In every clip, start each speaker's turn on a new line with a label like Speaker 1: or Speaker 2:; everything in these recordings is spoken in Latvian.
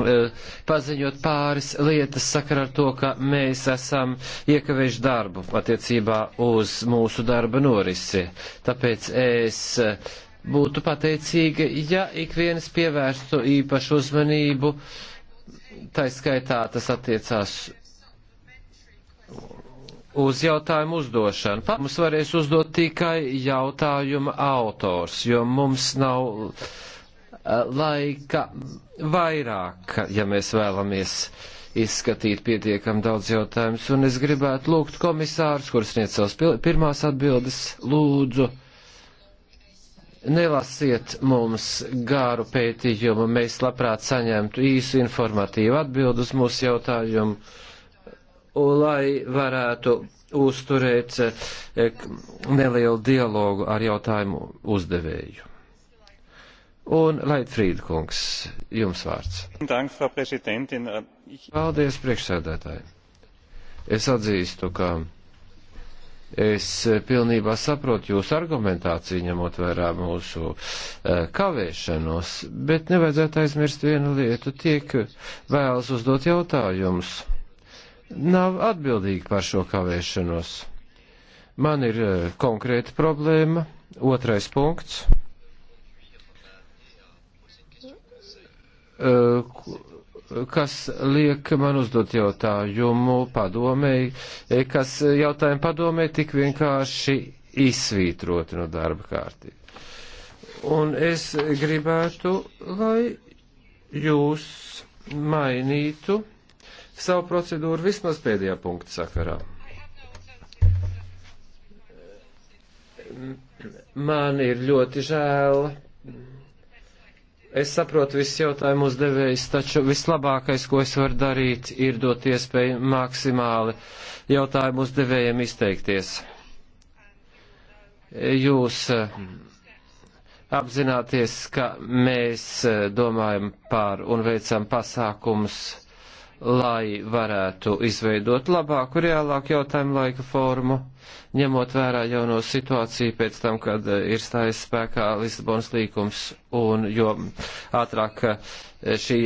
Speaker 1: Eh, paziņot pāris lietas sakarā ar to, ka mēs esam iekavējuši darbu attiecībā uz mūsu darba norisi. Tāpēc es eh, būtu pateicīga, ja ik viens pievērstu īpašu uzmanību, tā skaitā tas attiecās uz jautājumu uzdošanu. Mums varēs uzdot tikai jautājuma autors, jo mums nav laika vairāk, ja mēs vēlamies izskatīt pietiekam daudz jautājumus, un es gribētu lūgt komisārus, kurus sniedz savas pirmās atbildes, lūdzu, nelasiet mums garu pētījumu, mēs labprāt saņemtu īsu informatīvu atbildu uz mūsu jautājumu, lai varētu uzturēt eh, nelielu dialogu ar jautājumu uzdevēju. Un Leitfrīda kungs, jums vārds. Paldies, priekšsēdētāji. Es atzīstu, ka es pilnībā saprotu jūsu argumentāciju, ņemot vērā mūsu eh, kavēšanos, bet nevajadzētu aizmirst vienu lietu. Tiek vēlas uzdot jautājumus. Nav atbildīgi par šo kavēšanos. Man ir eh, konkrēta problēma. Otrais punkts Eh, kas liek man uzdot jautājumu padomēji, eh, kas jautājumu padomēji tik vienkārši izsvītroti no darba kārtības. Un es gribētu, lai jūs mainītu savu procedūru vismaz pēdējā punkta sakarā. Man ir ļoti žēl Es saprotu visus jautājumu uzdevējus, taču vislabākais, ko es varu darīt, ir dot iespēju maksimāli jautājumu uzdevējiem izteikties. Jūs eh, apzināties, ka mēs eh, domājam par un veicam pasākumus lai varētu izveidot labāku, reālāku jautājumu laika formu, ņemot vērā jauno situāciju pēc tam, kad eh, ir stājies spēkā Lisabonas līkums, un jo ātrāk eh, šī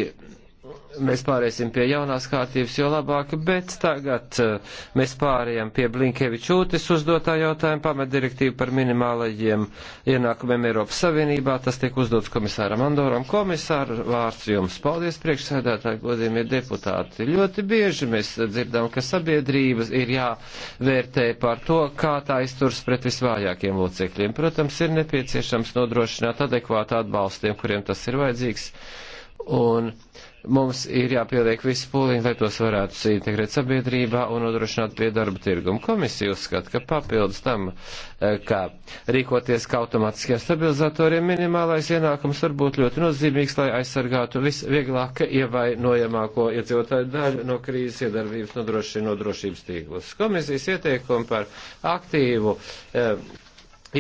Speaker 1: mēs pāriesim pie jaunās kārtības, jo labāk, bet tagad eh, mēs pārējām pie Blinkevičūtis uzdotā jautājuma pamat direktīvu par minimālajiem ienākumiem Eiropas Savienībā. Tas tiek uzdots komisāram Andoram. Komisāra vārds jums. Paldies, priekšsēdētāji, godījumie deputāti. Ļoti bieži mēs dzirdam, ka sabiedrības ir jāvērtē par to, kā tā izturs pret visvājākiem locekļiem. Protams, ir nepieciešams nodrošināt adekvātu atbalstiem, kuriem tas ir vajadzīgs. Un Mums ir jāpieliek visi pūliņi, lai tos varētu integrēt sabiedrībā un nodrošināt pie darba tirgumu. Komisija uzskata, ka papildus tam, eh, kā rīkoties kā automātiskiem stabilizatoriem, minimālais ienākums var būt ļoti nozīmīgs, lai aizsargātu visvieglāk ievainojamāko iedzīvotāju daļu no krīzes iedarbības nodrošina nodrošības tīklus. Komisijas ieteikumi par aktīvu eh,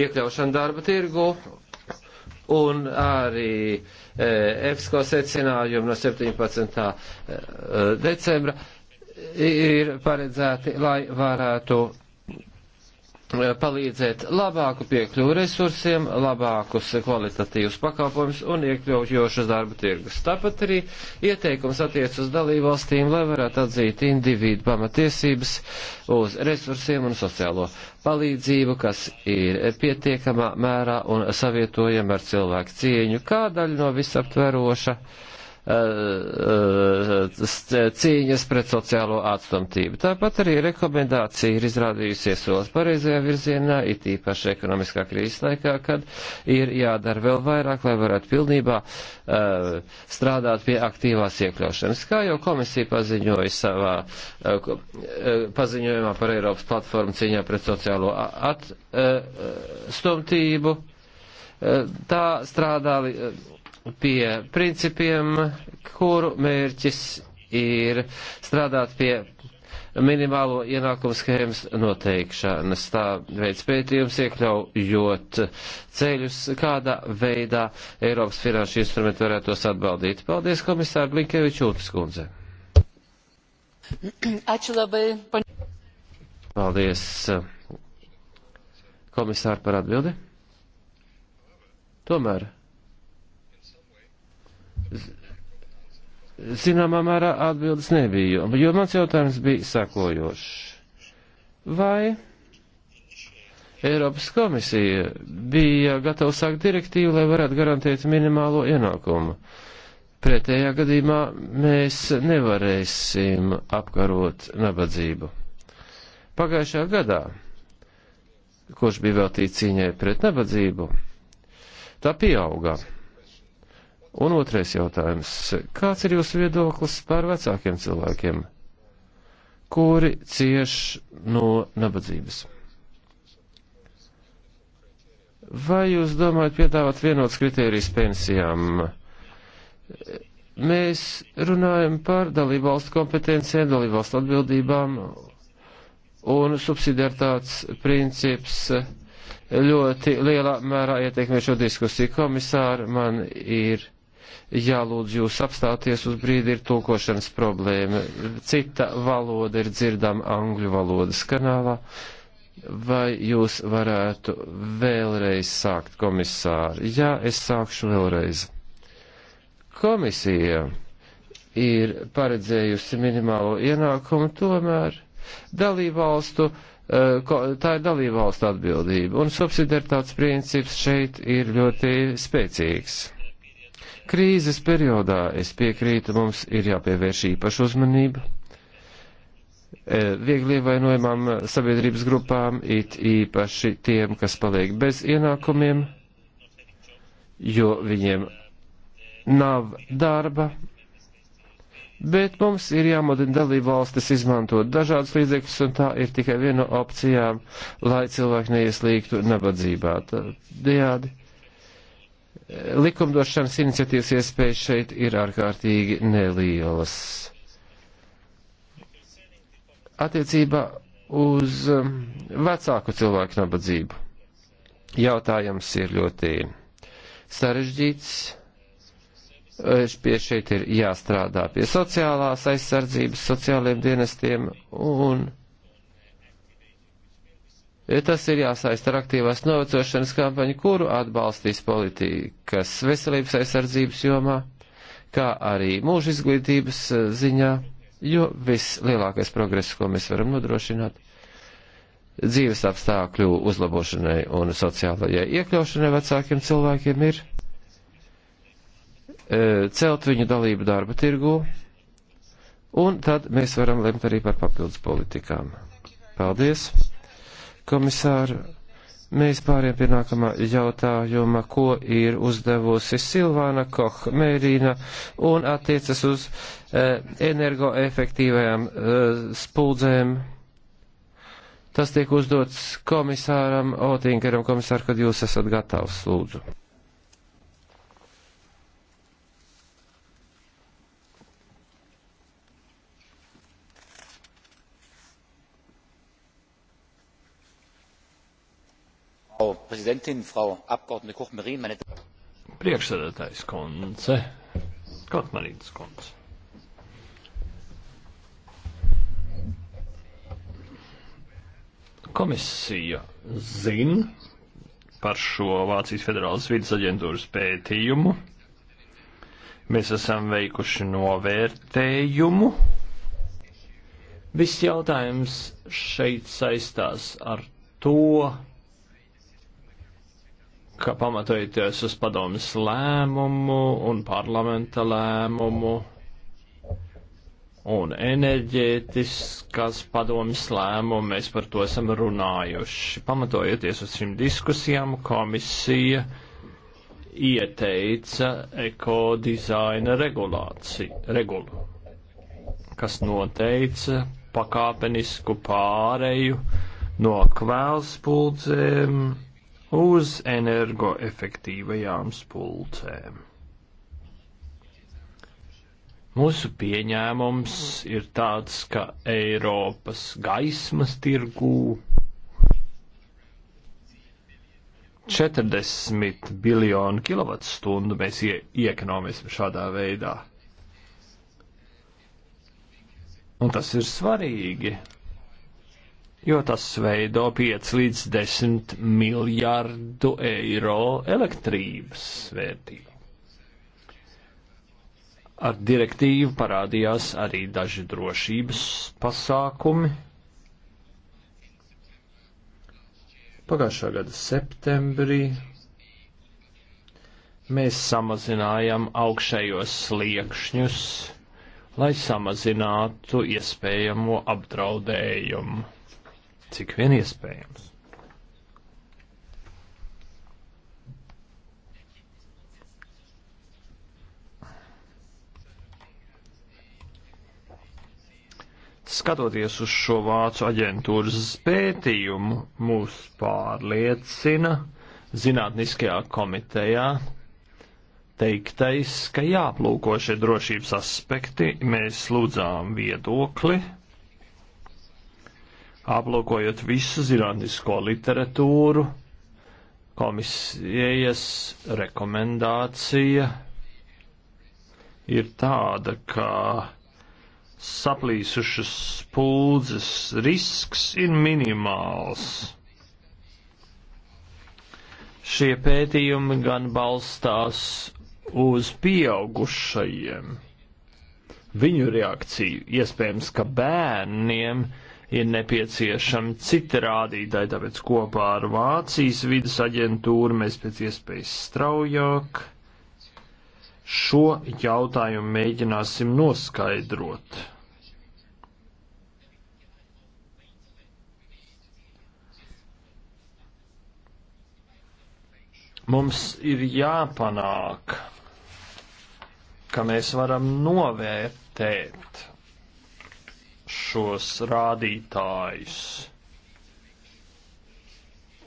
Speaker 1: iekļaušanu darba tirgu un arī e, EFSCO secinājumu no 17. E, e, decembra ir paredzēti, lai varētu Eh, palīdzēt labāku piekļuvu resursiem, labākus kvalitatīvus pakalpojumus un iekļaujošus darba tirgus. Tāpat arī ieteikums attiec uz dalībvalstīm, lai varētu atzīt individu pamatiesības uz resursiem un sociālo palīdzību, kas ir pietiekamā mērā un savietojama ar cilvēku cieņu, kā daļa no visaptveroša Eh, eh, cīņas pret sociālo atstumtību. Tāpat arī rekomendācija ir izrādījusies solis pareizajā virzienā, it īpaši ekonomiskā krīzes laikā, kad ir jādara vēl vairāk, lai varētu pilnībā uh, strādāt pie aktīvās iekļaušanas. Kā jau komisija paziņoja savā uh, paziņojumā par Eiropas platformu cīņā pret sociālo atstumtību, uh, tā strādā pie principiem, kuru mērķis ir strādāt pie minimālo ienākumu schēmas noteikšanas. Tā veids pētījums iekļaujot ceļus, kādā veidā Eiropas finanšu instrumenti varētu tos atbaldīt. Paldies, komisāra Blinkeviča Utskundze. Paldies, komisāri, par atbildi. Tomēr zināmā mērā atbildes nebija, jo mans jautājums bija sakojošs. Vai Eiropas komisija bija gatava sākt direktīvu, lai varētu garantēt minimālo ienākumu? Pretējā gadījumā mēs nevarēsim apkarot nabadzību. Pagājušajā gadā, kurš bija veltīts cīņai pret nabadzību, tā pieauga. Un otrais jautājums. Kāds ir jūsu viedoklis par vecākiem cilvēkiem, kuri cieš no nabadzības? Vai jūs domājat piedāvāt vienots kritērijas pensijām? Mēs runājam par dalību valstu kompetencijām, dalību valstu atbildībām un subsidiartāts princips ļoti lielā mērā ietekmē šo diskusiju. Komisāri, man ir jālūdz jūs apstāties uz brīdi, ir tulkošanas problēma. Cita valoda ir dzirdama angļu valodas kanālā. Vai jūs varētu vēlreiz sākt, komisāri? Jā, es sākšu vēlreiz. Komisija ir paredzējusi minimālo ienākumu, tomēr dalībvalstu, eh, tā ir dalībvalstu atbildība, un subsidiaritātes princips šeit ir ļoti spēcīgs Krīzes periodā es piekrītu, mums ir jāpievērš īpaša uzmanība e, viegli ievainojumām sabiedrības grupām, it īpaši tiem, kas paliek bez ienākumiem, jo viņiem nav darba. Bet mums ir jāmodina dalību valstis izmantot dažādas līdzekļus, un tā ir tikai viena no opcijām, lai cilvēki neieslīgtu nabadzībā. Tādējādi likumdošanas iniciatīvas iespējas šeit ir ārkārtīgi nelielas. Attiecībā uz um, vecāku cilvēku nabadzību jautājums ir ļoti sarežģīts. Pie šeit ir jāstrādā pie sociālās aizsardzības, sociāliem dienestiem un Tas ir jāsaista ar aktīvās novecošanas kampaņu, kuru atbalstīs politikas veselības aizsardzības jomā, kā arī mūža izglītības eh, ziņā, jo vislielākais progress, ko mēs varam nodrošināt, dzīves apstākļu uzlabošanai un sociālajai iekļaušanai vecākiem cilvēkiem ir eh, celt viņu dalību darba tirgū, un tad mēs varam lemt arī par papildus politikām. Paldies! komisāru. Mēs pāriem pie nākamā jautājuma, ko ir uzdevusi Silvāna Koch-Mērīna un attiecas uz eh, energoefektīvajām eh, spuldzēm. Tas tiek uzdots komisāram Otinkeram, komisāru, kad jūs esat gatavs, lūdzu. präsidentin, Frau Abgeordnete Koch-Merin, meine Damen
Speaker 2: Priekšsēdētājs kundze, Kochmarīnas kundze. Komisija zina par šo Vācijas Federālas vidas aģentūras pētījumu. Mēs esam veikuši novērtējumu. Viss jautājums šeit saistās ar to, ka pamatojoties uz padomjas lēmumu un parlamenta lēmumu un enerģētiskas padomjas lēmumu, mēs par to esam runājuši. Pamatojoties uz šīm diskusijām, komisija ieteica ekodizaina regulu, kas noteica pakāpenisku pāreju no kvēlspuldzēm uz energoefektīvajām spulcēm. Mūsu pieņēmums ir tāds, ka Eiropas gaismas tirgū 40 biljonu kilovatstundu mēs ie iekonomēsim šādā veidā. Un tas ir svarīgi, jo tas veido 5 līdz 10 miljārdu eiro elektrības vērtību. Ar direktīvu parādījās arī daži drošības pasākumi. Pagājušā gada septembrī mēs samazinājām augšējos sliekšņus, lai samazinātu iespējamo apdraudējumu cik vien iespējams. Skatoties uz šo vācu aģentūras pētījumu, mūs pārliecina zinātniskajā komitejā teiktais, ka jāplūko šie drošības aspekti. Mēs lūdzām viedokli aplūkojot visu zinātnisko literatūru, komisijas rekomendācija ir tāda, ka saplīsušas spuldzes risks ir minimāls. Šie pētījumi gan balstās uz pieaugušajiem. Viņu reakciju iespējams, ka bērniem uh, ir nepieciešami citi rādītāji, tāpēc kopā ar Vācijas vidas aģentūru mēs pēc iespējas straujāk šo jautājumu mēģināsim noskaidrot. Mums ir jāpanāk, ka mēs varam novērtēt šos rādītājus.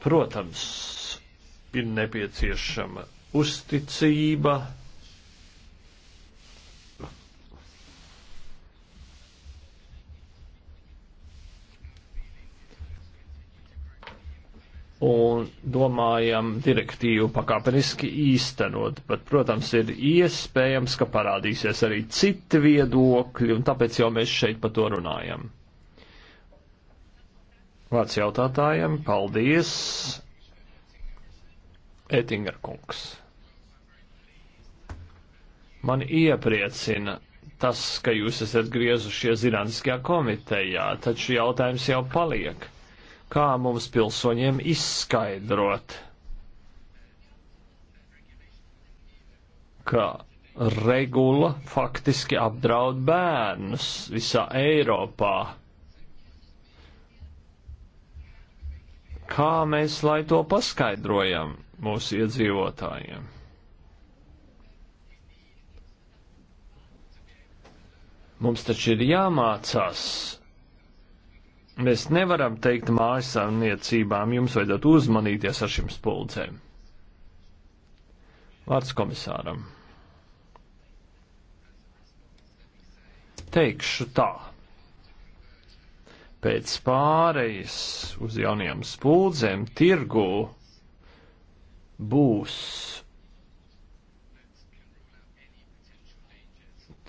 Speaker 2: Protams, ir nepieciešama uzticība un domājam direktīvu pakāpeniski īstenot, bet, protams, ir iespējams, ka parādīsies arī citi viedokļi, un tāpēc jau mēs šeit par to runājam. Vārds jautātājiem, paldies, Ettinger kungs. Man iepriecina tas, ka jūs esat griezušies zinātniskajā komitejā, taču jautājums jau paliek kā mums pilsoņiem izskaidrot, ka regula faktiski apdraud bērnus visā Eiropā. Kā mēs lai to paskaidrojam mūsu iedzīvotājiem? Mums taču ir jāmācās Mēs nevaram teikt mājas saimniecībām, jums vajadzētu uzmanīties ar šīm spuldzēm. Vārds komisāram. Teikšu tā. Pēc pārejas uz jaunajām spuldzēm tirgu būs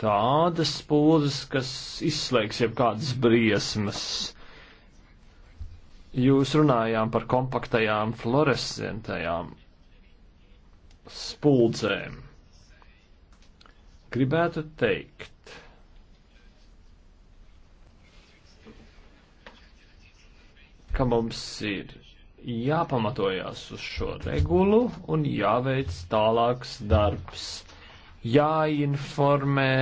Speaker 2: tādas spuldzes, kas izslēgs jebkādas briesmas Jūs runājām par kompaktajām fluorescentajām spuldzēm. Gribētu teikt, ka mums ir jāpamatojās uz šo regulu un jāveic tālāks darbs, jāinformē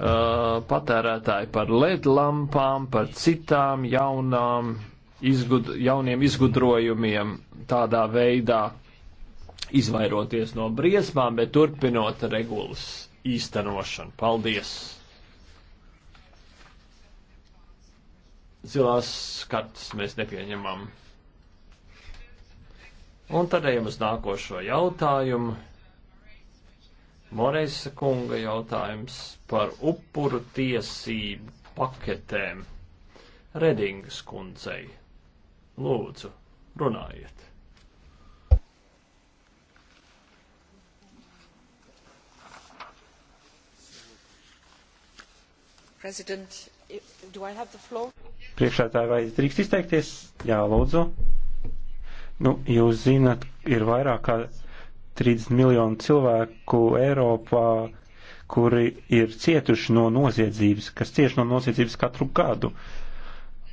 Speaker 2: Uh, patērētāji par LED lampām, par citām jaunām, izgud, jauniem izgudrojumiem tādā veidā izvairoties no briesmām, bet turpinot regulas īstenošanu. Paldies! Zilās kartas mēs nepieņemam. Un tad ejam uz nākošo jautājumu. Moreis kunga jautājums par upuru tiesību paketēm. Redingas kundzei. Lūdzu, runājiet.
Speaker 1: President, do I have the floor?
Speaker 3: Priekšētāji, vai drīkst izteikties? Jā, lūdzu. Nu, jūs zinat, ir vairāk kā. Kā 30 miljonu cilvēku Eiropā, kuri ir cietuši no noziedzības, kas cieši no noziedzības katru gadu.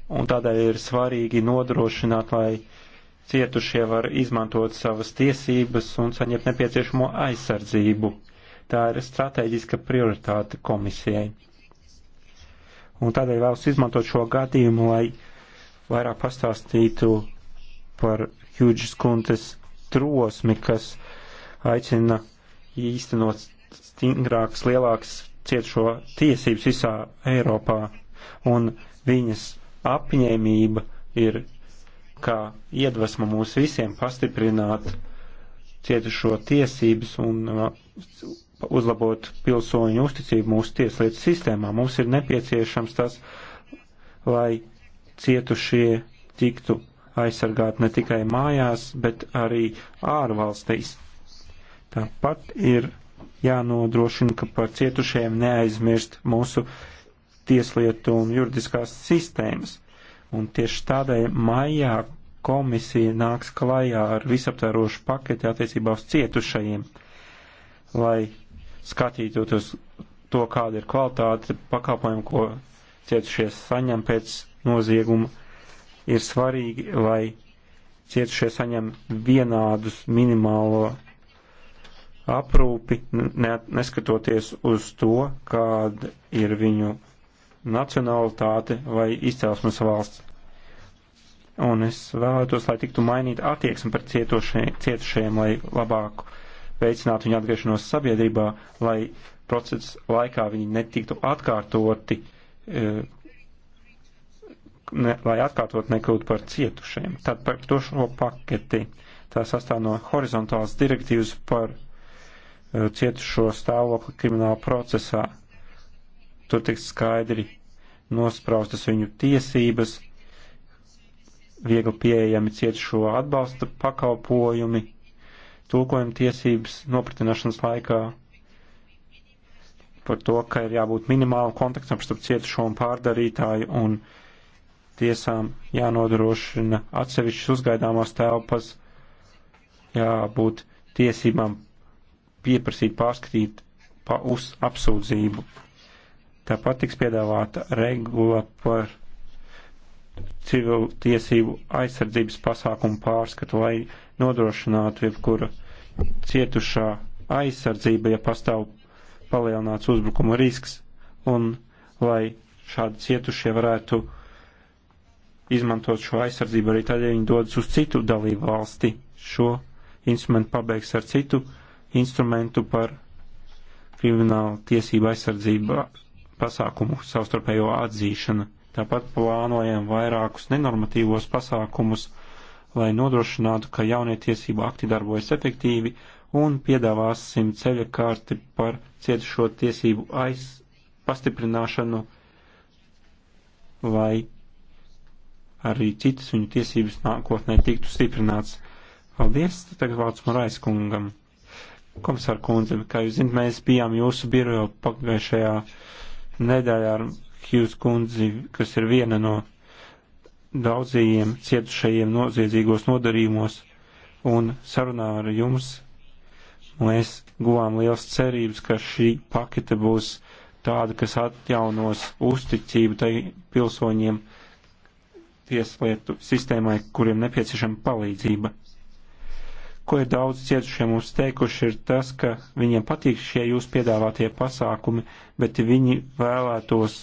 Speaker 3: Un tādēļ ir svarīgi nodrošināt, lai cietušie var izmantot savas tiesības un saņemt nepieciešamo aizsardzību. Tā ir strateģiska prioritāte komisijai. Un tādēļ vēlos izmantot šo gadījumu, lai vairāk pastāstītu par Huge Skuntes trosmi, kas aicina īstenot stingrākas, lielākas cietušo tiesības visā Eiropā, un viņas apņēmība ir kā iedvesma mūs visiem pastiprināt cietušo tiesības un uh, uzlabot pilsoņu uzticību mūsu tieslietu sistēmā. Mums ir nepieciešams tas, lai cietušie tiktu aizsargāti ne tikai mājās, bet arī ārvalstīs. Tāpat ir jānodrošina, ka par cietušajiem neaizmirst mūsu tieslietu un juridiskās sistēmas. Un tieši tādēļ maijā komisija nāks klajā ar visaptvērošu paketi attiecībā uz cietušajiem, lai skatītos to, kāda ir kvalitāte pakalpojumu, ko cietušie saņem pēc nozieguma. Ir svarīgi, lai cietušie saņem vienādus minimālo aprūpi, ne, neskatoties uz to, kāda ir viņu nacionalitāte vai izcelsmes valsts. Un es vēlētos, lai tiktu mainīta attieksme par cietušajiem, lai labāk veicinātu viņu atgriešanos sabiedrībā, lai procesa laikā viņi netiktu atkārtoti, e, ne, lai atkārtot nekļūtu par cietušajiem. Tad par to šo paketi. Tā sastāv no horizontālas direktīvas par Eh, cietušo stāvokli krimināla procesā. Tur tiks skaidri nospraustas viņu tiesības, viegli pieejami cietušo atbalsta pakalpojumi, tulkojuma tiesības nopratināšanas laikā par to, ka ir jābūt minimālam kontaktam starp cietušo un pārdarītāju un tiesām jānodrošina atsevišķas uzgaidāmās telpas, jābūt tiesībām pieprasīt pārskatīt pa uz apsūdzību. Tāpat tiks piedāvāta regula par civilu tiesību aizsardzības pasākumu pārskatu, lai nodrošinātu jebkura cietušā aizsardzība, ja pastāv palielināts uzbrukuma risks, un lai šādi cietušie varētu izmantot šo aizsardzību arī tad, ja viņi dodas uz citu dalību valsti. Šo instrumentu pabeigs ar citu instrumentu par kriminālu tiesību aizsardzību pasākumu savstarpējo atzīšanu. Tāpat plānojam vairākus nenormatīvos pasākumus, lai nodrošinātu, ka jaunie tiesību akti darbojas efektīvi un piedāvāsim ceļa kārti par cietušo tiesību aiz pastiprināšanu, lai arī citas viņu tiesības nākotnē tiktu stiprināts. Paldies, tagad vārds Morais kungam. Komisāra kundze, kā jūs zinat, mēs bijām jūsu birojo pagājušajā nedēļā ar Hughes kundzi, kas ir viena no daudzajiem cietušajiem noziedzīgos nodarījumos, un sarunā ar jums mēs guvām liels cerības, ka šī pakete būs tāda, kas atjaunos uzticību tai pilsoņiem tieslietu sistēmai, kuriem nepieciešama palīdzība. Ko ir daudz cietušie mums teikuši, ir tas, ka viņiem patīk šie jūs piedāvātie pasākumi, bet viņi vēlētos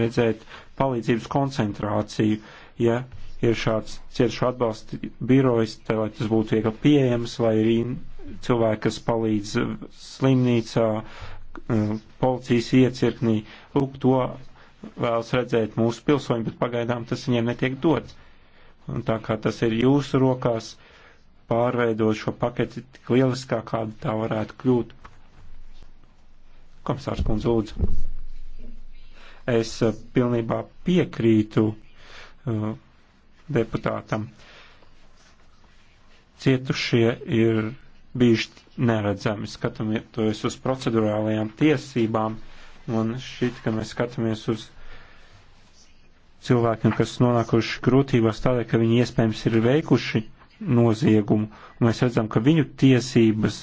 Speaker 3: redzēt palīdzības koncentrāciju, ja ir šāds cietušo atbalsta birojs, tā, lai tas būtu viegli pieejams, lai ir cilvēki, kas palīdz slimnīcā, eh, policijas iecirknī. Lūk, to vēlas redzēt mūsu pilsoņi, bet pagaidām tas viņiem netiek dots. Un tā kā tas ir jūsu rokās, pārveidot šo paketi tik lieliskā, kāda tā varētu kļūt. Komisārs Kundz, lūdzu. Es eh, pilnībā piekrītu uh, deputātam. Cietušie ir bijuši neredzami, skatāmies uz procedurālajām tiesībām, un šit, ka mēs skatāmies uz cilvēkiem, kas nonākuši grūtībās tādēļ, ka viņi iespējams ir veikuši noziegumu, un mēs redzam, ka viņu tiesības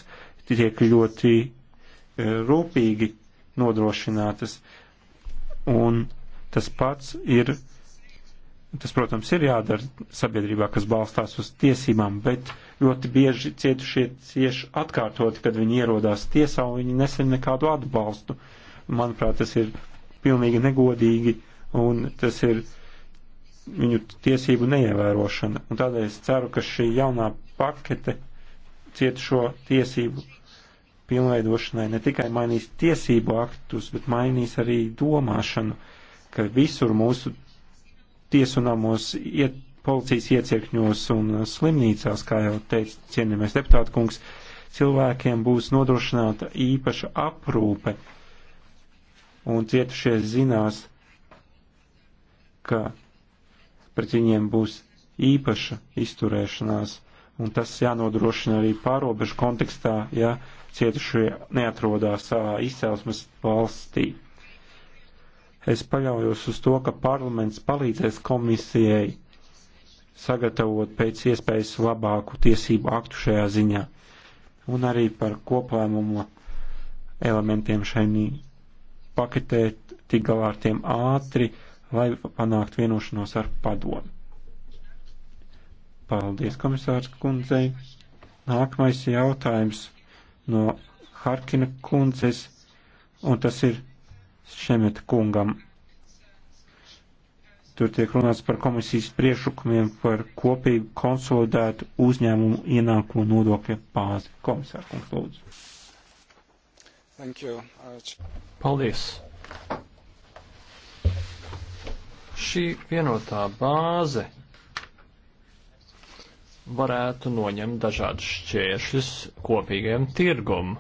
Speaker 3: tiek ļoti e, rūpīgi nodrošinātas, un tas pats ir, tas, protams, ir jādara sabiedrībā, kas balstās uz tiesībām, bet ļoti bieži cietušie cieši atkārtot, kad viņi ierodās tiesā un viņi nesen nekādu atbalstu. Manuprāt, tas ir pilnīgi negodīgi, un tas ir uh, viņu tiesību neievērošana. Un tādēļ es ceru, ka šī jaunā pakete cietušo tiesību pilnveidošanai ne tikai mainīs tiesību aktus, bet mainīs arī domāšanu, ka visur mūsu tiesunamos iet, policijas iecirkņos un slimnīcās, kā jau teica cienījamais deputāta kungs, cilvēkiem būs nodrošināta īpaša aprūpe, un cietušie zinās, ka pret viņiem būs īpaša izturēšanās, un tas jānodrošina arī pārobežu kontekstā, ja cietušie neatrodās savā izcelsmes valstī. Es paļaujos uz to, ka parlaments palīdzēs komisijai sagatavot pēc iespējas labāku tiesību aktu šajā ziņā, un arī par koplēmumu elementiem šai paketē tik galā ar tiem ātri, lai panākt vienošanos ar padomu. Paldies, komisārs kundzei. Nākamais jautājums no Harkina kundzes, un tas ir Šemeta kungam. Tur tiek runāts par komisijas priešlikumiem par kopīgu konsolidētu uzņēmumu ienākumu nodokļa bāzi. Komisār kungs, lūdzu. Thank you. Uh, Paldies.
Speaker 2: Šī vienotā bāze varētu noņemt dažādas šķēršļus kopīgiem tirgum.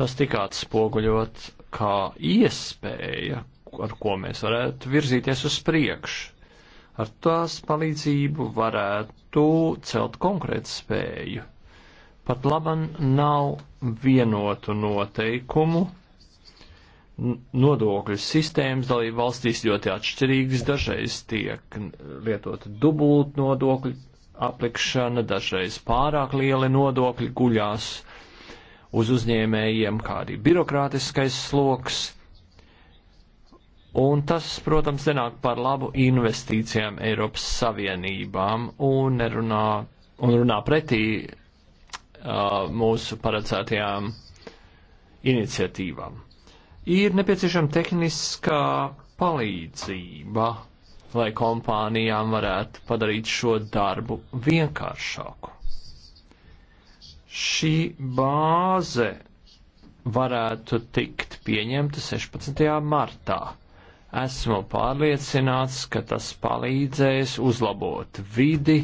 Speaker 2: Tas tika atspoguļot kā iespēja, ar ko mēs varētu virzīties uz priekšu. Ar tās palīdzību varētu celt konkrētu spēju. Pat laban nav vienotu noteikumu nodokļu sistēmas dalību valstīs ļoti atšķirīgas. Dažreiz tiek lietota dubult nodokļu aplikšana, dažreiz pārāk lieli nodokļi guļās uz uzņēmējiem, kā arī birokrātiskais sloks. Un tas, protams, nenāk par labu investīcijām Eiropas Savienībām un, runā, un runā pretī uh, mūsu paredzētajām iniciatīvām. Ir nepieciešama tehniskā palīdzība, lai kompānijām varētu padarīt šo darbu vienkāršāku. Šī bāze varētu tikt pieņemta 16. martā. Esmu pārliecināts, ka tas palīdzēs uzlabot vidi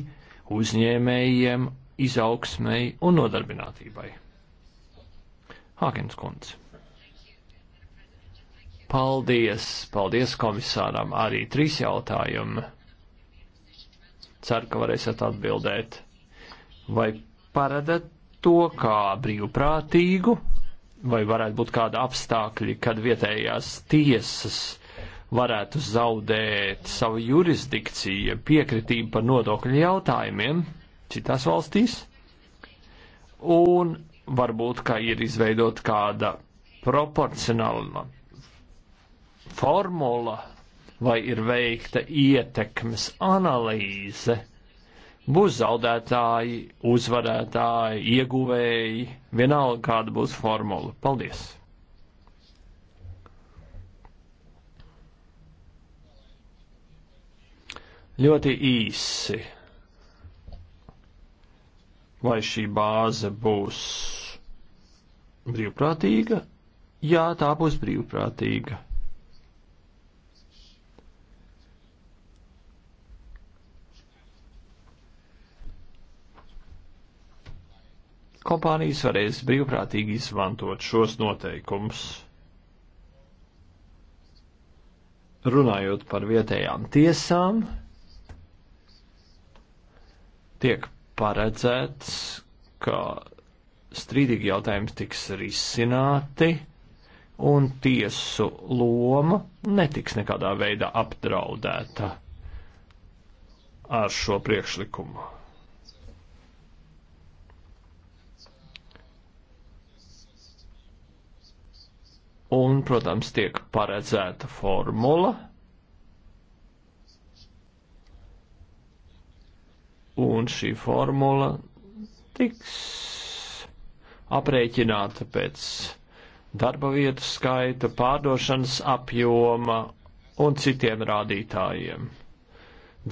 Speaker 2: uzņēmējiem, izaugsmēji un nodarbinātībai. Hākins kundze. Paldies, paldies komisāram. Arī trīs jautājumi. Ceru, ka varēsiet atbildēt. Vai paredat to kā brīvprātīgu, vai varētu būt kāda apstākļi, kad vietējās tiesas varētu zaudēt savu jurisdikciju, piekritību par nodokļu jautājumiem citās valstīs? Un varbūt, ka ir izveidot kāda proporcionāla formula vai ir veikta ietekmes analīze. Būs zaudētāji, uzvarētāji, ieguvēji, vienalga kāda būs formula. Paldies! Ļoti īsi. Vai šī bāze būs brīvprātīga? Jā, tā būs brīvprātīga. Kompānijas varēs brīvprātīgi izmantot šos noteikumus. Runājot par vietējām tiesām, tiek paredzēts, ka strīdīgi jautājums tiks risināti un tiesu loma netiks nekādā veidā apdraudēta ar šo priekšlikumu. un, protams, tiek paredzēta formula. Un šī formula tiks aprēķināta pēc darba vietu skaita, pārdošanas apjoma un citiem rādītājiem.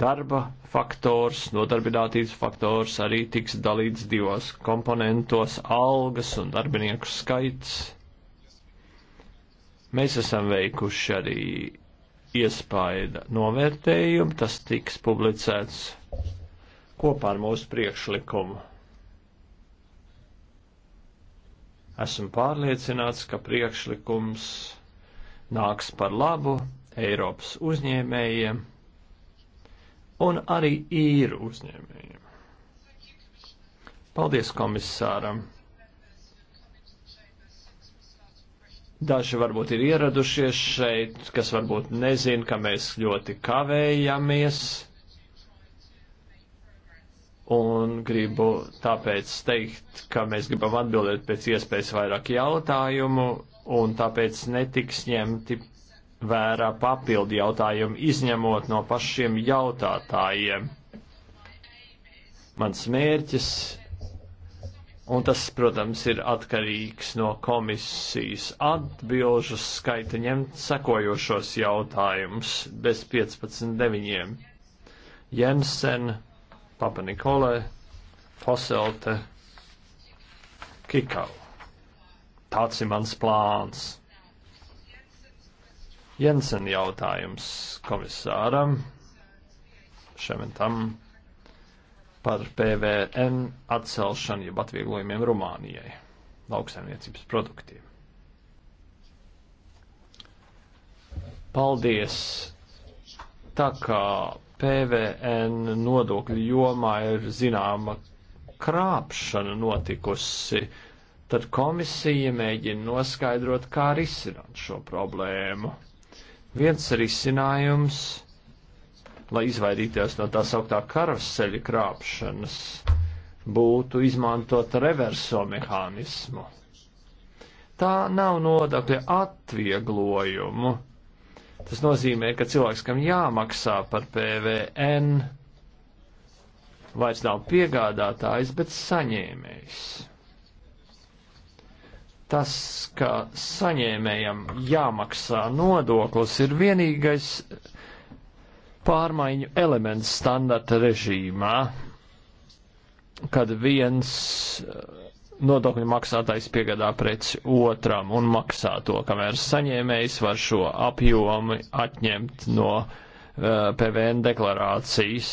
Speaker 2: Darba faktors, nodarbinātības faktors arī tiks dalīts divos komponentos - algas un darbinieku skaits Mēs esam veikuši arī iespaida novērtējumu, tas tiks publicēts kopā ar mūsu priekšlikumu. Esmu pārliecināts, ka priekšlikums nāks par labu Eiropas uzņēmējiem un arī īru uzņēmējiem. Paldies komisāram! Daži varbūt ir ieradušies šeit, kas varbūt nezin, ka mēs ļoti kavējamies. Un gribu tāpēc teikt, ka mēs gribam atbildēt pēc iespējas vairāk jautājumu, un tāpēc netiks ņemti vērā papildi jautājumi, izņemot no pašiem jautātājiem. Mans mērķis Un tas, protams, ir atkarīgs no komisijas atbilžu skaita ņemt sekojošos jautājumus bez 15.9. Jensen, Papa Nikolē, Foselte, Kikau. Tāds ir mans plāns. Jensen jautājums komisāram Šementam par PVN atcelšanu jeb atvieglojumiem Rumānijai lauksaimniecības produktiem. Paldies! Tā kā PVN nodokļu jomā ir zināma krāpšana notikusi, tad komisija mēģina noskaidrot, kā risināt šo problēmu. Viens risinājums ir lai izvairīties no tā sauktā karavseļa krāpšanas, būtu izmantot reverso mehānismu. Tā nav nodokļa atvieglojumu. Tas nozīmē, ka cilvēks, kam jāmaksā par PVN, vairs nav piegādātājs, bet saņēmējs. Tas, ka saņēmējam jāmaksā nodoklis, ir vienīgais pārmaiņu elements standarta režīmā, kad viens eh, nodokļu maksātājs piegādā preci otram un maksā to, kamēr saņēmējs var šo apjomu atņemt no uh, eh, PVN deklarācijas.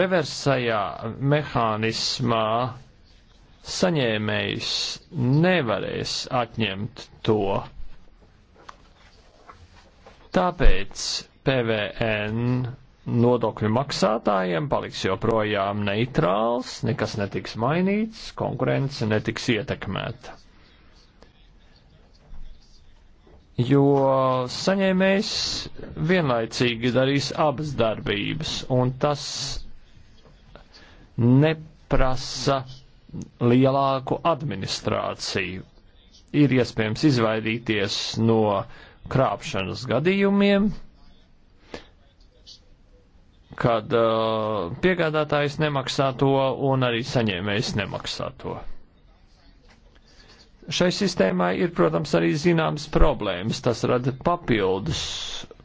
Speaker 2: Reversajā mehānismā saņēmējs nevarēs atņemt to. Tāpēc PVN nodokļu maksātājiem paliks joprojām neitrāls, nekas netiks mainīts, konkurence netiks ietekmēta. Jo saņēmējs vienlaicīgi darīs abas darbības, un tas neprasa lielāku administrāciju. Ir iespējams izvairīties no krāpšanas gadījumiem, kad uh, piegādātājs nemaksā to un arī saņēmējs nemaksā to. Šai sistēmai ir, protams, arī zināmas problēmas. Tas rada papildus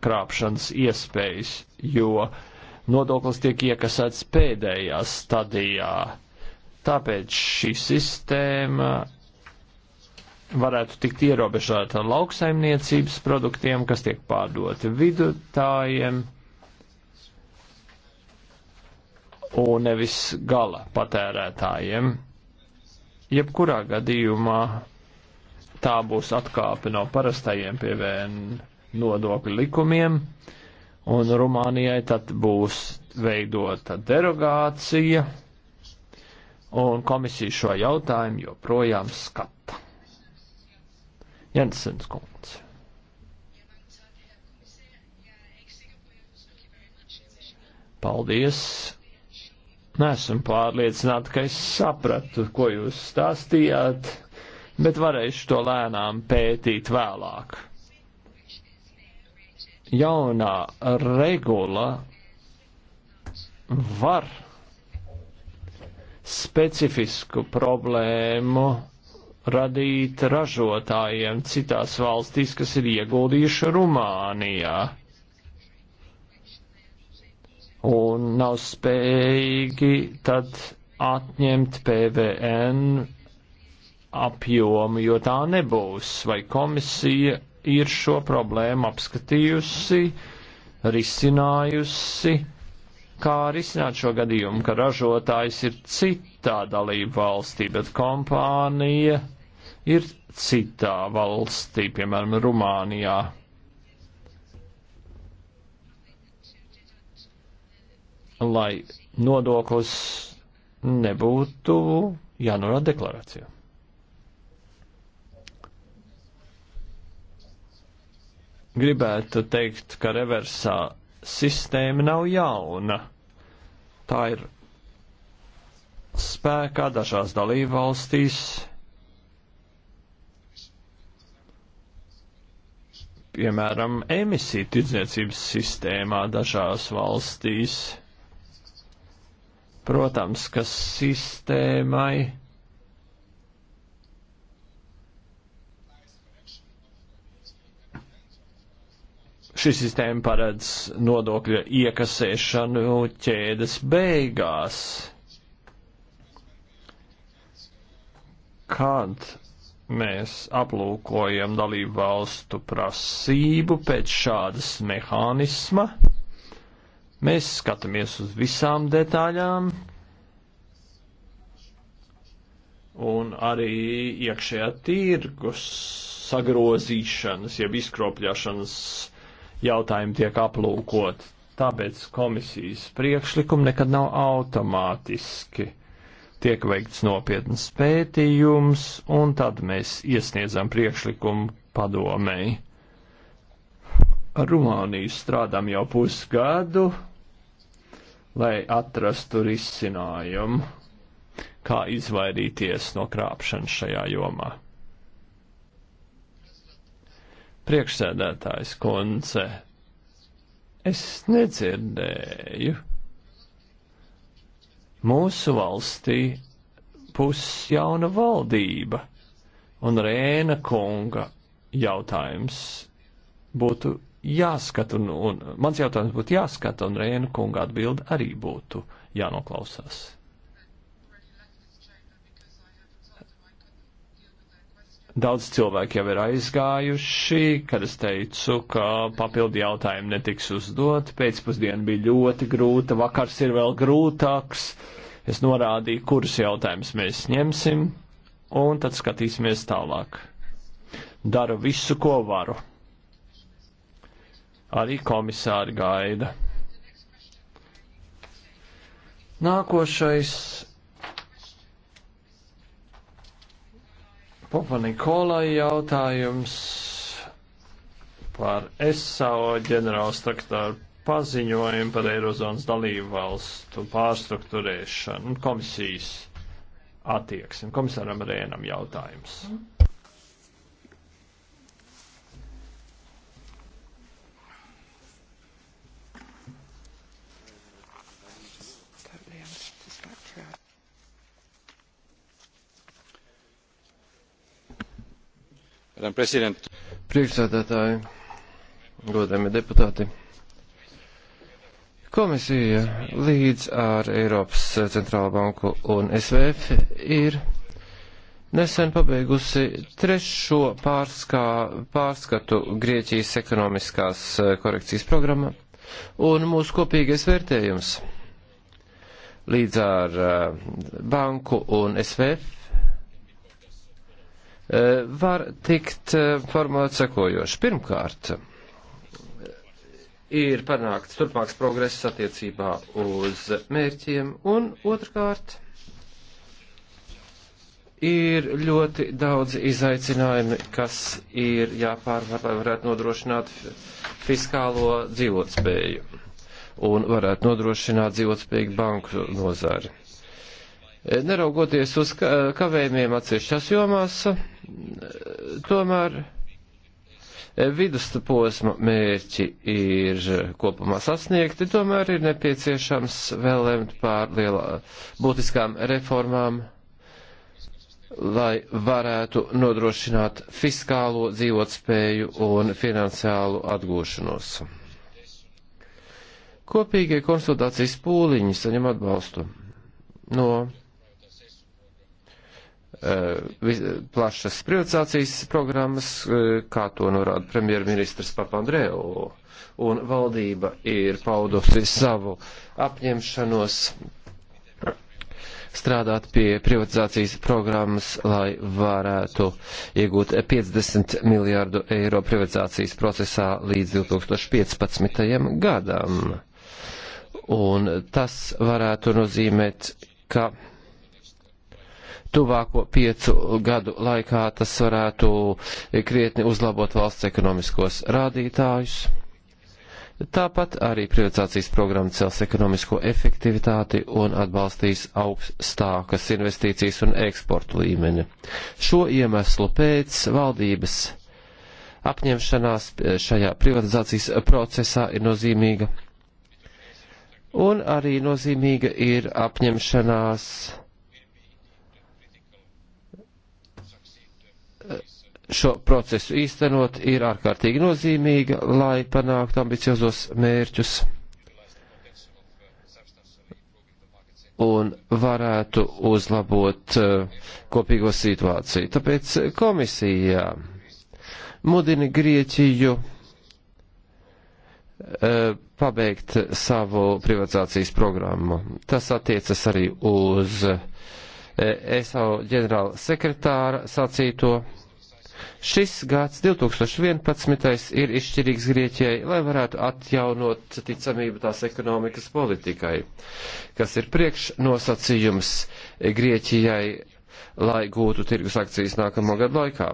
Speaker 2: krāpšanas iespējas, jo nodoklis tiek iekasēts pēdējā stadijā. Tāpēc šī sistēma varētu tikt ierobežota lauksaimniecības produktiem, kas tiek pārdoti vidutājiem un nevis gala patērētājiem. Jebkurā gadījumā tā būs atkāpe no parastajiem PVN nodokļu likumiem, un Rumānijai tad būs veidota derogācija, un komisija šo jautājumu joprojām skata. Jensens kungs. Paldies, Nesmu pārliecināta, ka es sapratu, ko jūs stāstījāt, bet varēšu to lēnām pētīt vēlāk. Jaunā regula var specifisku problēmu radīt ražotājiem citās valstīs, kas ir ieguldījuši Rumānijā un nav spējīgi tad atņemt PVN apjomu, jo tā nebūs. Vai komisija ir šo problēmu apskatījusi, risinājusi? Kā risināt šo gadījumu, ka ražotājs ir citā dalība valstī, bet kompānija ir citā valstī, piemēram, Rumānijā? lai nodoklis nebūtu jānorāda deklarācijā. Gribētu teikt, ka reversā sistēma nav jauna. Tā ir spēkā dažās dalībvalstīs. Piemēram, emisiju tirdzniecības sistēmā dažās valstīs. Protams, ka sistēmai šī sistēma paredz nodokļa iekasēšanu ķēdes beigās. Kad mēs aplūkojam dalību valstu prasību pēc šādas mehānisma, Mēs skatāmies uz visām detaļām un arī iekšējā tirgus sagrozīšanas, jeb izkropļošanas jautājumi tiek aplūkot. Tāpēc komisijas priekšlikumi nekad nav automātiski. Tiek veikts nopietnas pētījums, un tad mēs iesniedzam priekšlikumu padomēji. Ar Rumāniju strādām jau pusgadu, lai atrastu risinājumu, kā izvairīties no krāpšanas šajā jomā. Priekšsēdētājs Konce, es nedzirdēju. Mūsu valstī pusjauna valdība un Rēna kunga jautājums būtu jāskata, un, un mans jautājums būtu jāskata, un Rēna kunga atbilde arī būtu jānoklausās. Daudz cilvēki jau ir aizgājuši, kad es teicu, ka papildi jautājumi netiks uzdot, pēcpusdiena bija ļoti grūta, vakars ir vēl grūtāks, es norādīju, kurus jautājumus mēs ņemsim, un tad skatīsimies tālāk. Daru visu, ko varu arī komisāri gaida. Nākošais Papa Nikolai jautājums par SAO ģenerālstraktāru paziņojumu par Eirozonas dalību valstu pārstruktūrēšanu un komisijas attieksmi. Komisāram Rēnam jautājums.
Speaker 1: Mm. Priekšsēdētāji, godējami deputāti. Komisija līdz ar Eiropas Centrālo banku un SVF ir nesen pabeigusi trešo pārskā, pārskatu Grieķijas ekonomiskās eh, korekcijas programma un mūsu kopīgais vērtējums līdz ar eh, banku un SVF Eh, var tikt eh, formulēt sekojoši. Pirmkārt, ir panākts turpmāks progress attiecībā uz mērķiem, un otrkārt, ir ļoti daudz izaicinājumi, kas ir jāpārvar, lai varētu nodrošināt fiskālo dzīvotspēju un varētu nodrošināt dzīvotspēju banku nozari neraugoties uz kavējumiem atsevišķās jomās, tomēr vidusposma mērķi ir kopumā sasniegti, tomēr ir nepieciešams vēl lemt pār lielā, būtiskām reformām, lai varētu nodrošināt fiskālo dzīvotspēju un finansiālu atgūšanos. Kopīgie konsultācijas pūliņi saņem atbalstu no Eh, plašas privatizācijas programmas, eh, kā to norāda premjerministrs Papandreu, un valdība ir paudusi savu apņemšanos strādāt pie privatizācijas programmas, lai varētu iegūt 50 miljārdu eiro privatizācijas procesā līdz 2015. gadam. Un tas varētu nozīmēt, ka tuvāko piecu gadu laikā tas varētu krietni uzlabot valsts ekonomiskos rādītājus. Tāpat arī privatizācijas programma cels ekonomisko efektivitāti un atbalstīs augstākas investīcijas un eksportu līmeni. Šo iemeslu pēc valdības apņemšanās šajā privatizācijas procesā ir nozīmīga. Un arī nozīmīga ir apņemšanās šo procesu īstenot ir ārkārtīgi nozīmīga, lai panāktu ambiciozos mērķus un varētu uzlabot eh, kopīgo situāciju. Tāpēc komisijā mudina Grieķiju eh, pabeigt savu privatizācijas programmu. Tas attiecas arī uz uh, ESO ģenerāla sekretāra sacīto. Šis gads, 2011. ir izšķirīgs Grieķijai, lai varētu atjaunot ticamību tās ekonomikas politikai, kas ir priekšnosacījums Grieķijai, lai gūtu tirgus akcijas nākamo gadu laikā.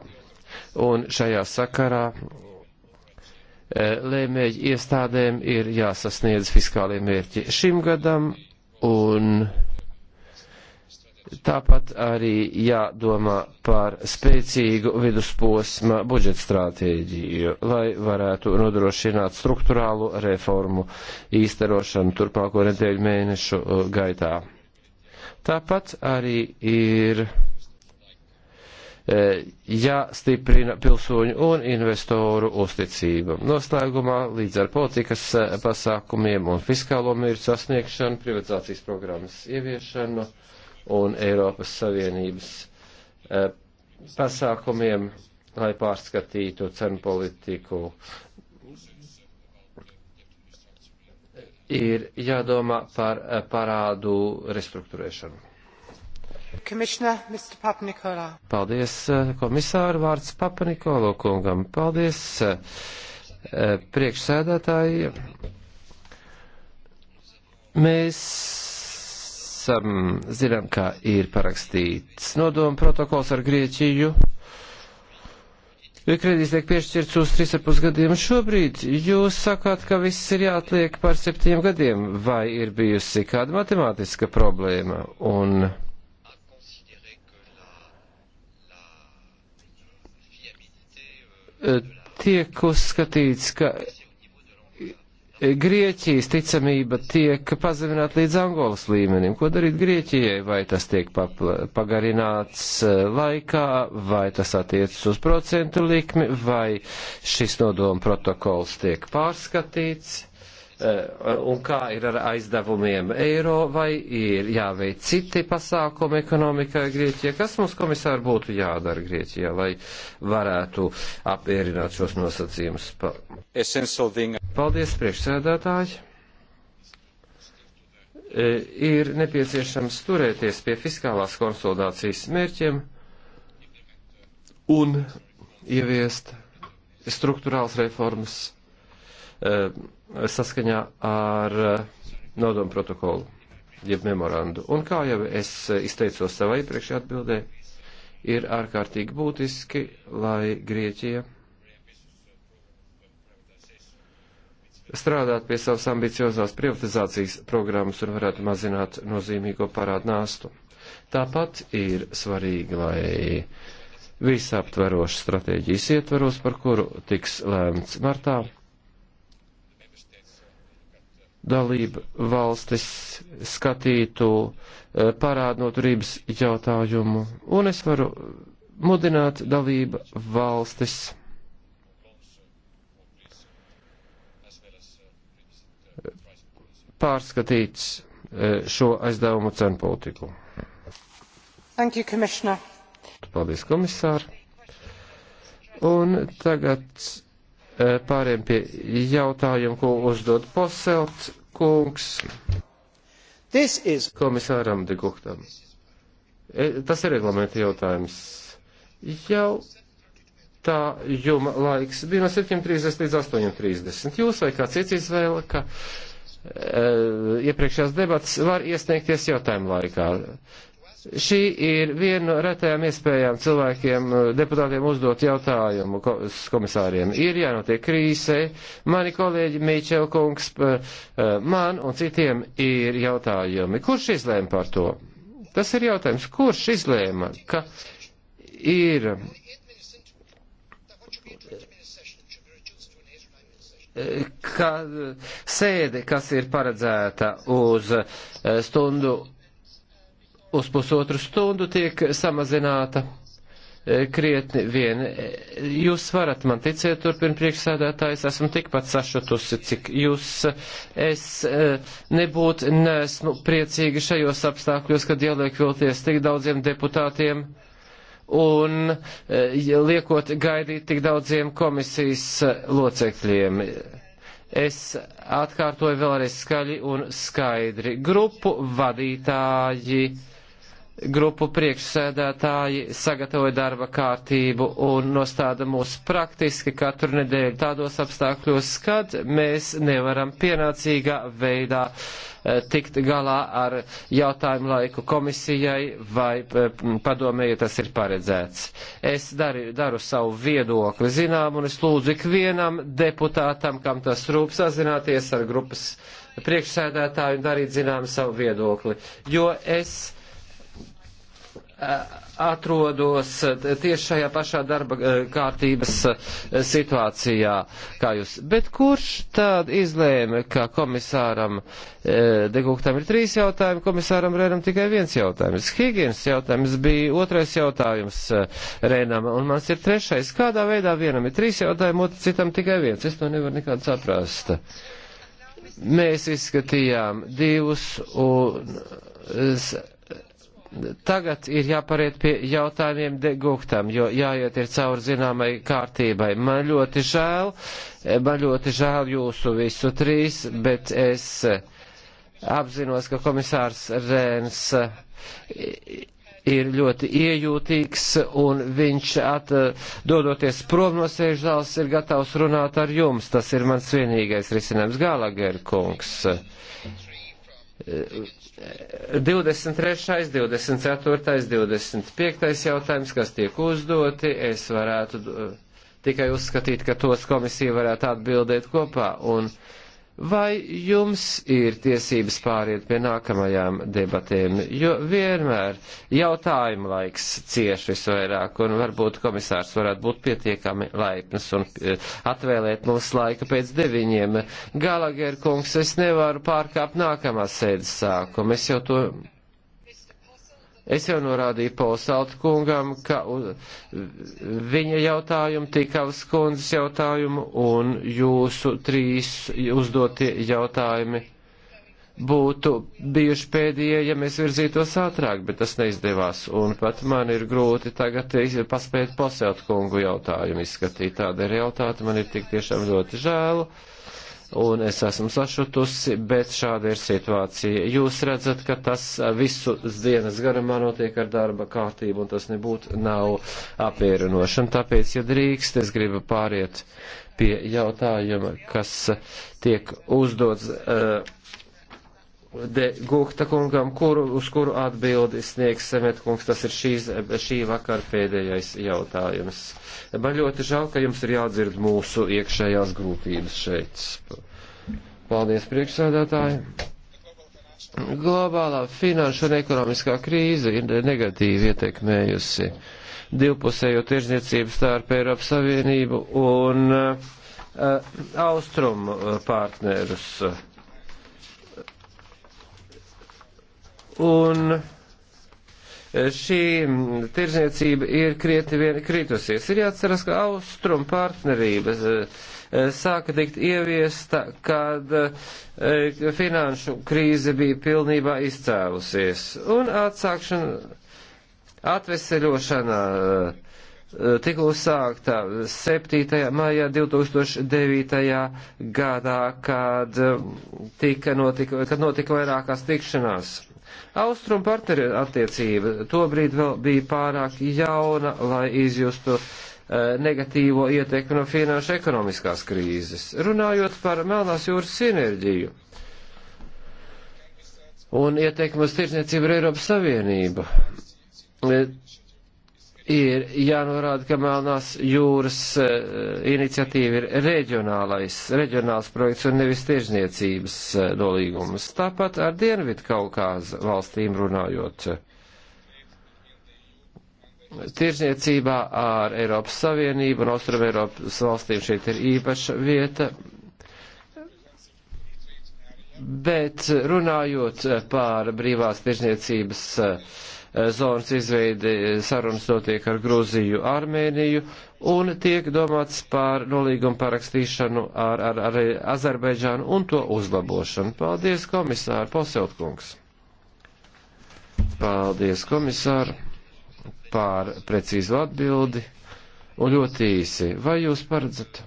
Speaker 1: Un šajā sakarā e, lēmēji iestādēm ir jāsasniedz fiskālie mērķi šim gadam un Tāpat arī jādomā par spēcīgu vidusposma budžeta stratēģiju, lai varētu nodrošināt struktūrālu reformu īsterošanu turpmāko nedēļu mēnešu uh, gaitā. Tāpat arī ir uh, jāstiprina pilsoņu un investoru uzticība. Noslēgumā līdz ar politikas uh, pasākumiem un fiskālo mērķu sasniegšanu, privatizācijas programmas ieviešanu. No un Eiropas Savienības eh, pasākumiem, lai pārskatītu cenu politiku. Ir jādomā par eh, parādu restruktūrēšanu. Paldies, eh, komisāru vārds Papa Nikolo kungam. Paldies, priekšsēdētāji. Mēs um, zinām, ka ir parakstīts nodoma protokols ar Grieķiju. Kredīts tiek piešķirts uz 3,5 gadiem. Šobrīd jūs sakāt, ka viss ir jāatliek par 7 gadiem, vai ir bijusi kāda matemātiska problēma? Un tiek uzskatīts, ka Grieķijas ticamība tiek pazemināta līdz Angolas līmenim. Ko darīt Grieķijai? Vai tas tiek pagarināts eh, laikā, vai tas attiecas uz procentu likmi, vai šis nodoma protokols tiek pārskatīts? Eh, un kā ir ar aizdevumiem eiro, vai ir jāveic citi pasākumi ekonomikai Grieķijai? Kas mums, komisāri, būtu jādara Grieķijā, lai varētu apmierināt šos nosacījumus? Pa... Paldies,
Speaker 3: priekšsēdētāji!
Speaker 1: Eh, ir nepieciešams turēties pie fiskālās konsolidācijas mērķiem un ieviest struktūrāls reformas Eh, saskaņā ar eh, nodomu protokolu, jeb memorandu. Un kā jau es izteicos savā iepriekšējā atbildē, ir ārkārtīgi būtiski, lai Grieķija strādāt pie savas ambiciozās privatizācijas programmas un varētu mazināt nozīmīgo parādu nāstu. Tāpat ir svarīgi, lai visaptveroša stratēģijas ietvaros, par kuru tiks lēmts martā, dalība valstis skatītu eh, parādnoturības jautājumu. Un es varu mudināt dalība valstis. Eh, pārskatīts eh, šo aizdevumu cenu politiku. Thank you, Commissioner. Paldies, komisār. Un tagad Eh, pāriem pie jautājumu, ko uzdod Poselt kungs is... komisāram Diguktam. Eh, tas ir reglamenta jautājums. Jau tā juma laiks bija no 7.30 līdz 8.30. Jūs vai kāds cits izvēla, ka e, iepriekšējās debats var iesniegties jautājumu laikā. E, Šī ir viena no retajām iespējām cilvēkiem, eh, deputātiem uzdot jautājumu komisāriem. Ir jānotiek krīze. Mani kolēģi Mīčel kungs, eh, man un citiem ir jautājumi. Kurš izlēma par to? Tas ir jautājums, kurš izlēma, ka ir eh, ka sēde, kas ir paredzēta uz stundu uz pusotru stundu tiek samazināta e, krietni vien. E, jūs varat man ticēt, turpin priekšsēdētājs, esmu tikpat sašutusi, cik jūs. Es e, nebūt nesmu priecīga šajos apstākļos, kad jāliek vilties tik daudziem deputātiem un liekot gaidīt tik daudziem komisijas locekļiem. Es atkārtoju vēlreiz skaļi un skaidri. Grupu vadītāji grupu priekšsēdētāji sagatavoja darba kārtību un nostāda mūs praktiski katru nedēļu tādos apstākļos, kad mēs nevaram pienācīgā veidā eh, tikt galā ar jautājumu laiku komisijai vai eh, padomēji, ja tas ir paredzēts. Es daru, daru savu viedokli zinām un es lūdzu ikvienam deputātam, kam tas rūp, sazināties ar grupas priekšsēdētāju un darīt zinām savu viedokli, jo es atrodos tieši šajā pašā darba e, kārtības e, situācijā kā jūs. Bet kurš tad izlēma, ka komisāram e, Degūktam ir trīs jautājumi, komisāram Rēnam tikai viens jautājums? Higienas jautājums bija otrais jautājums Rēnam, un mans ir trešais. Kādā veidā vienam ir trīs jautājumi, otru citam tikai viens? Es to nevaru nekāds saprast. Mēs izskatījām divus un. Es, tagad ir jāpariet pie jautājumiem deguktam, jo jāiet ir cauri zināmai kārtībai. Man ļoti žēl, man ļoti žēl jūsu visu trīs, bet es eh, apzinos, ka komisārs Rēns eh, ir ļoti iejūtīgs un viņš, at, eh, dodoties prom no sēžzāles, ir gatavs runāt ar jums. Tas ir mans vienīgais risinājums. Galager kungs. 23., 24., 25. jautājums, kas tiek uzdoti, es varētu eh, tikai uzskatīt, ka tos komisija varētu atbildēt kopā. Un, uh, Vai jums ir tiesības pāriet pie nākamajām debatēm, jo vienmēr jautājuma laiks cieš visvairāk, un varbūt komisārs varētu būt pietiekami laipnas un eh, atvēlēt mums laika pēc deviņiem. Galager kungs, es nevaru pārkāpt nākamās sēdes sākumu, es jau to Es jau norādīju Polsālt kungam, ka viņa jautājumu tika uz kundzes jautājumu un jūsu trīs uzdotie jautājumi būtu bijuši pēdējie, ja mēs virzītos ātrāk, bet tas neizdevās. Un pat man ir grūti tagad paspēt Polsālt kungu jautājumu izskatīt. Tāda ir jautāta, man ir tik tiešām ļoti žēlu un es esmu sašutusi, bet šāda ir situācija. Jūs redzat, ka tas visu dienas garumā notiek ar darba kārtību, un tas nebūtu nav apmierinoši. Un tāpēc, ja drīkst, es gribu pāriet pie jautājuma, kas tiek uzdots. Uh, de Gūkta kungam, kuru, uz kuru atbildi sniegs Semet kungs, tas ir šīs, šī vakara pēdējais jautājums. Man ļoti žēl, ka jums ir jādzird mūsu iekšējās grūtības šeit. Paldies, priekšsēdētāji. Globālā finanšu un ekonomiskā krīze ir negatīvi ietekmējusi divpusējo tirzniecību starp Eiropas Savienību un uh, austrumu eh, partnerus. Uh, Un eh, šī mm, tirzniecība ir krieti vien kritusies. Ir jāatceras, ka austrum partnerības eh, eh, sāka tikt ieviesta, kad finanšu krīze bija pilnībā izcēlusies. Un atsākšana, atveseļošana tika uzsākta 7. maijā 2009. gadā, kad, tika notika, kad notika vairākās tikšanās Austrum partneri attiecība tobrīd vēl bija pārāk jauna, lai izjustu eh, negatīvo ietekmi no finanšu ekonomiskās krīzes. Runājot par Melnās jūras sinerģiju un ietekmi uz tirsniecību ar Eiropas Savienību, eh, ir jānorāda, ka Melnās jūras e, iniciatīva ir reģionālais, reģionāls projekts un nevis tiežniecības e, nolīgums. Tāpat ar Dienvidu Kaukāza valstīm runājot. Tirzniecībā ar Eiropas Savienību un Austrum Eiropas valstīm šeit ir īpaša vieta, bet runājot par brīvās tirzniecības uh, Eh, zonas izveidi eh, sarunas notiek ar Grūziju, Armēniju un tiek domāts par nolīgumu parakstīšanu ar, ar, ar Azerbaidžānu un to uzlabošanu. Paldies, komisāri Poseltkungs! Paldies, komisāri, par precīzu atbildi un ļoti īsi. Vai jūs paredzat?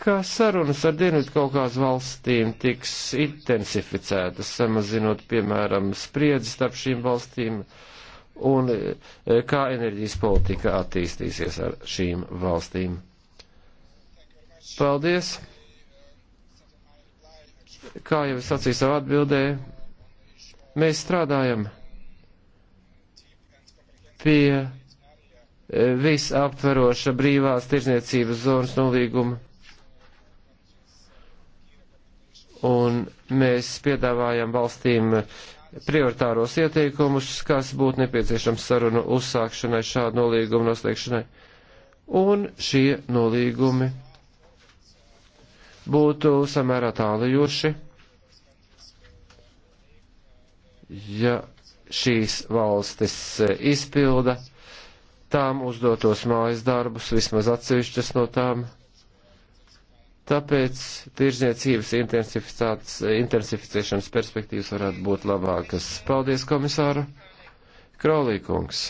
Speaker 1: ka sarunas ar Dienvidkaukās valstīm tiks intensificētas, samazinot, piemēram, spriedzi starp šīm valstīm un e, kā enerģijas politika attīstīsies ar šīm valstīm. Paldies! Kā jau es sacīju savā atbildē, mēs strādājam pie e, visaptveroša brīvās tirzniecības zonas nolīguma un mēs piedāvājam valstīm prioritāros ieteikumus, kas būtu nepieciešams sarunu uzsākšanai, šādu nolīgumu noslēgšanai. Un šie nolīgumi būtu samērā tālajoši, ja šīs valstis izpilda tām uzdotos mājas darbus, vismaz atsevišķas no tām Tāpēc tirzniecības intensificēšanas perspektīvas varētu būt labākas. Paldies, komisāra Kraulīkungs.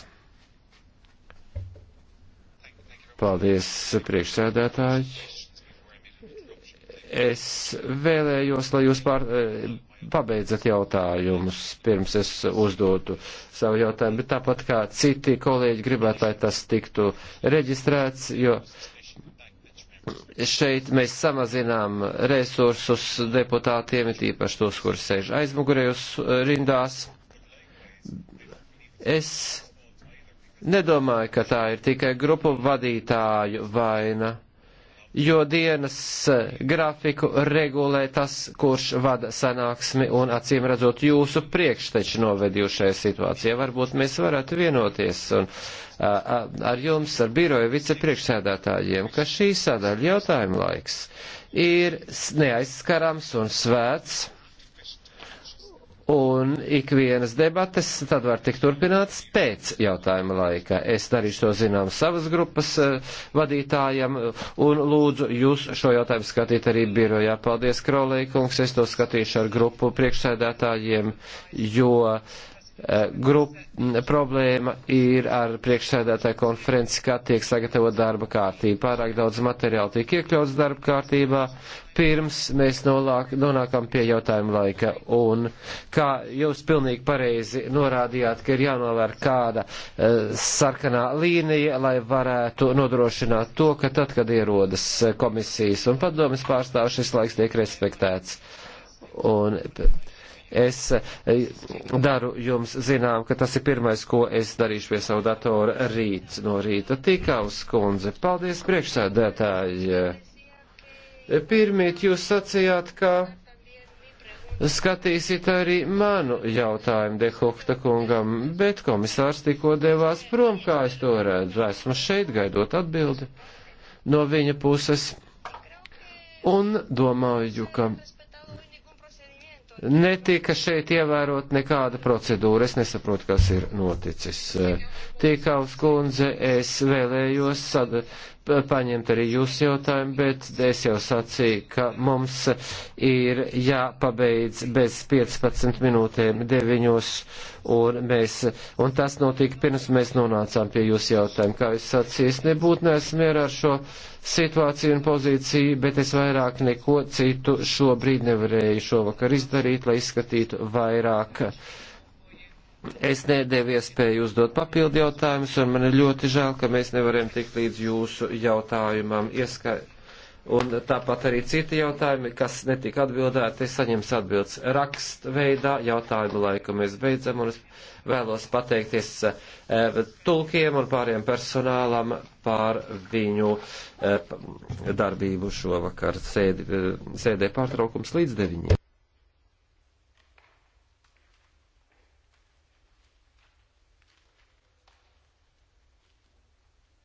Speaker 1: Paldies, priekšsēdētāji es vēlējos, lai jūs pār, eh, pabeidzat jautājumus pirms es uzdotu savu jautājumu, bet tāpat kā citi kolēģi gribētu, lai tas tiktu reģistrēts, jo šeit mēs samazinām resursus deputātiem, it īpaši tos, kur sēž aizmugurējos rindās. Es nedomāju, ka tā ir tikai grupu vadītāju vaina jo dienas eh, grafiku regulē tas, kurš vada sanāksmi un acīm redzot jūsu priekšteči novedījušajā situācijā. Varbūt mēs varētu vienoties un, a, a, ar jums, ar biroju vicepriekšsēdētājiem, ka šī sadaļa jautājuma laiks ir neaizskarams un svēts Un ikvienas debates tad var tikt turpinātas pēc jautājuma laika. Es darīšu to zinām savas grupas eh, vadītājam un lūdzu jūs šo jautājumu skatīt arī birojā. Paldies, Krolīkungs, es to skatīšu ar grupu priekšsēdētājiem, jo uh, grup, problēma ir ar priekšsēdētāju konferenci, kā tiek sagatavot darba kārtība. Pārāk daudz materiāla tiek iekļauts darba kārtībā, pirms mēs nolāk, nonākam pie jautājuma laika. Un kā jūs pilnīgi pareizi norādījāt, ka ir jānovēr kāda uh, sarkanā līnija, lai varētu nodrošināt to, ka tad, kad ierodas komisijas un padomas pārstāvis, šis laiks tiek respektēts. Un, uh, es eh, daru jums zinām, ka tas ir pirmais, ko es darīšu pie savu datora rīt no rīta. Tikā uz skundze. Paldies, priekšsēdētāji. Pirmīt jūs sacījāt, ka skatīsit arī manu jautājumu Dehokta kungam, bet komisārs tikko devās prom, kā es to redzu. Esmu šeit gaidot atbildi no viņa puses un domāju, ka netika šeit ievērot nekāda procedūra. Es nesaprotu, kas ir noticis. Tīkaus kundze, es vēlējos sad, paņemt arī jūsu jautājumu, bet es jau sacīju, ka mums ir jāpabeidz bez 15 minūtēm 9. Un, mēs, un tas notika pirms mēs nonācām pie jūsu jautājumu. Kā es sacīju, es nebūtu neesmu mierā ar šo. Uh, situāciju un pozīciju, bet es vairāk neko citu šobrīd nevarēju šovakar izdarīt, lai izskatītu vairāk. Es nedēvu iespēju uzdot papildu jautājumus, un man ir ļoti žēl, ka mēs nevaram tikt līdz jūsu jautājumam. Ieskait Un tāpat arī citi jautājumi, kas netika atbildēti, saņems atbildes rakstveidā. Jautājumu laiku mēs beidzam, un es vēlos pateikties e, tulkiem un pāriem personālam par viņu e, darbību šovakar. Sēdi, e, sēdē pārtraukums līdz deviņiem.